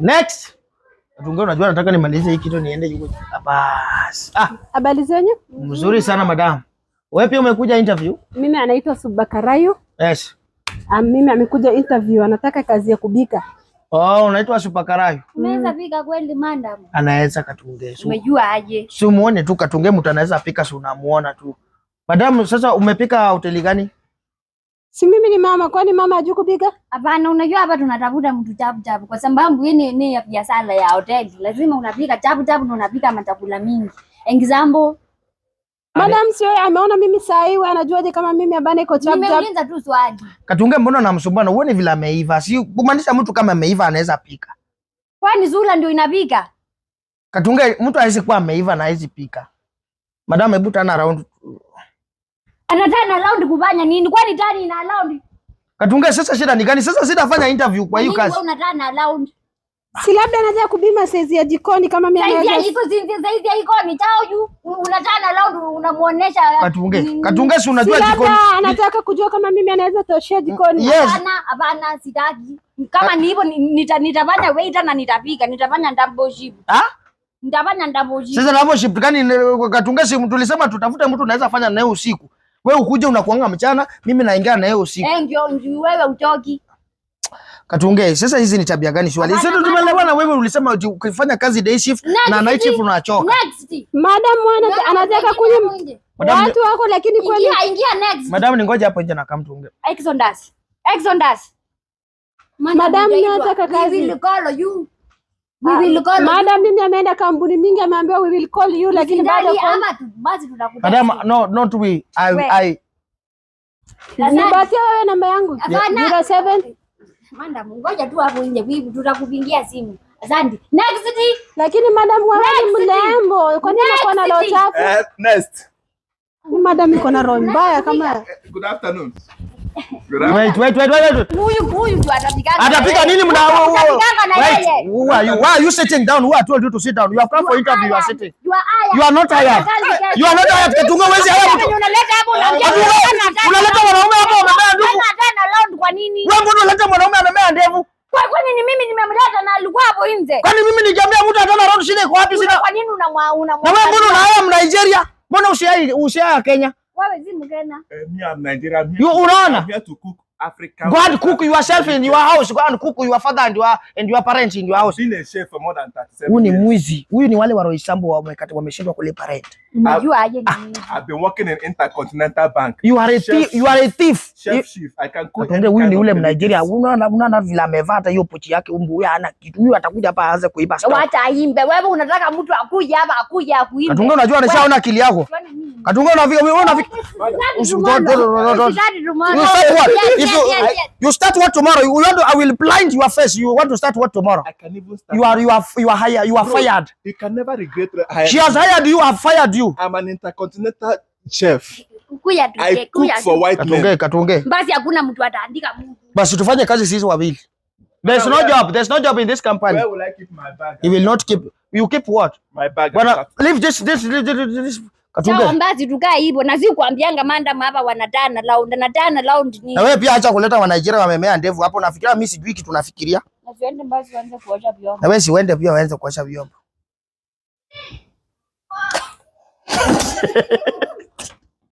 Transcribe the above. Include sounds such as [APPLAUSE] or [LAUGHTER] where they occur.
Next. Atunga unajua nataka nimalize hii kitu niende yuko hapa. Ah. Habari zenyu? Mzuri sana madam. Wewe pia umekuja interview? Mimi anaitwa Subakarayo. Yes. Ah, mimi amekuja interview anataka kazi ya kubika. Oh, unaitwa Subakarayo. Unaweza pika kweli madam? Anaweza katunge. Umejua aje? Si muone tu katunge mtu anaweza pika si unamuona tu. Madam, sasa umepika hoteli gani? Si mimi ni mama, kwani mama hajui kupika? Hapana, unajua hapa tunatafuta mtu chapu chapu kwa sababu yeye ni ya biashara ya hoteli. Lazima unapika chapu chapu na unapika matakula mingi. Example Madam sio ameona mimi saa hii wewe anajuaje kama mimi abane iko chapu chapu? Nimeuliza tu swali. Katunge mbona namsumbua na uone vile ameiva. Si kumaanisha mtu kama ameiva anaweza pika. Kwani Zula ndio inapika? Katunge mtu hawezi kuwa ameiva na hawezi pika. Madam hebu tana round Anataka allowed kufanya nini? Kwani tani ina allowed? Katunga sasa shida ni gani? Sasa sitafanya interview kwa hiyo kazi. Nini Wewe unataka allowed. Si labda anataka kubima size ya jikoni kama mimi anaweza. Size ya jikoni, size ya jikoni tao juu. Unataka allowed unamuonesha. Katunge. Katunge si unajua jikoni. Si Labda anataka kujua kama mimi anaweza toshea jikoni. Yes. Hapana, hapana sitaki. Kama ni hivyo nitafanya waiter na nitapika, nitafanya double shift. Ah? Nitafanya double shift. Sasa double shift gani? Katunge si mtu tulisema tutafute mtu anaweza fanya naye usiku. Wewe ukuja unakuanga mchana, mimi naingia na yeye usiku. Eh, ndio ndio wewe utoki. Katuongee. Sasa hizi ni tabia gani swali? Sisi tumeelewana wewe ulisema ukifanya kazi day shift na night shift unachoka. Next. Madam wana anataka kunywa watu wako lakini kweli. Ingia ingia next. Madam ni ngoja hapo nje na kama tuongee. Exodus. Exodus. Madam nataka kazi. We will call you we ah, will call Maana mimi ameenda kampuni mingi ameambiwa we will call you lakini bado madam, no not we I we. I nipatie wewe namba yangu 07 madam, ngoja tu hapo nje vipi tutakupigia simu. Asante. Next day. Lakini madam wewe ni mlembo, kwa nini unakuwa na roho chafu? Eh, next. Madam iko na roho mbaya kama. Eh, good afternoon. Wait, wait, wait, wait. Huyu huyu tu atapigana. Atapigana nini mnao? Who are you? Why are you sitting down? Who are told you to sit down? You have come for interview, you are sitting. You are not hired. You are not hired. Tunga wezi haya Unaleta hapo unaongea. Unaleta mwanaume hapo amemea ndevu. Tena round kwa nini? Wewe mbona unaleta mwanaume amemea ndevu? Kwa kwani ni mimi nimemleta na alikuwa hapo nje. Kwani mimi nikiambia mtu atana round shida iko wapi sina? Kwa nini unamwa unamwa? Na wewe mbona unahaya Nigeria? Mbona usiaya usiaya Kenya? Eh, you unaona? Africa. cook yourself in your house. Go and cook your father and your and your parents in your house. Huyu ni mwizi. Huyu ni wale wa Roysambu wameshindwa kulipa rent. Unajua aje I've been working in Intercontinental Bank. You are a thief chief, eh, chief I can cook. Atende huyu ni ule Mnigeria, unaona unaona vile amevaa hata hiyo pochi yake, umbu huyu hana kitu, huyu atakuja hapa aanze kuiba. Wacha aimbe wewe, unataka mtu akuje hapa akuje akuimbe. Katunga, unajua anashaona akili yako. Katunga, unafika wewe, unafika you start what If you you start what tomorrow you want to, I will blind your face you want to start what tomorrow I can even start you are you are you are hired you are fired you can never regret hiring she has hired you have fired you I'm an intercontinental chef basi hakuna mtu ataandika Mungu. Basi tufanye kazi sisi wawili. There's no job. There's no job in this company. Where will I keep my bag? will not keep. You keep what? My bag. leave this this this Katunge. Tukae hivyo na si kuambianga hapa wanadana na dana Na wewe pia acha kuleta Wanigeria wamemea ndevu hapo, nafikiria mimi sijui kitu nafikiria. Na kuosha wewe si uende pia kuosha vyombo. [LAUGHS]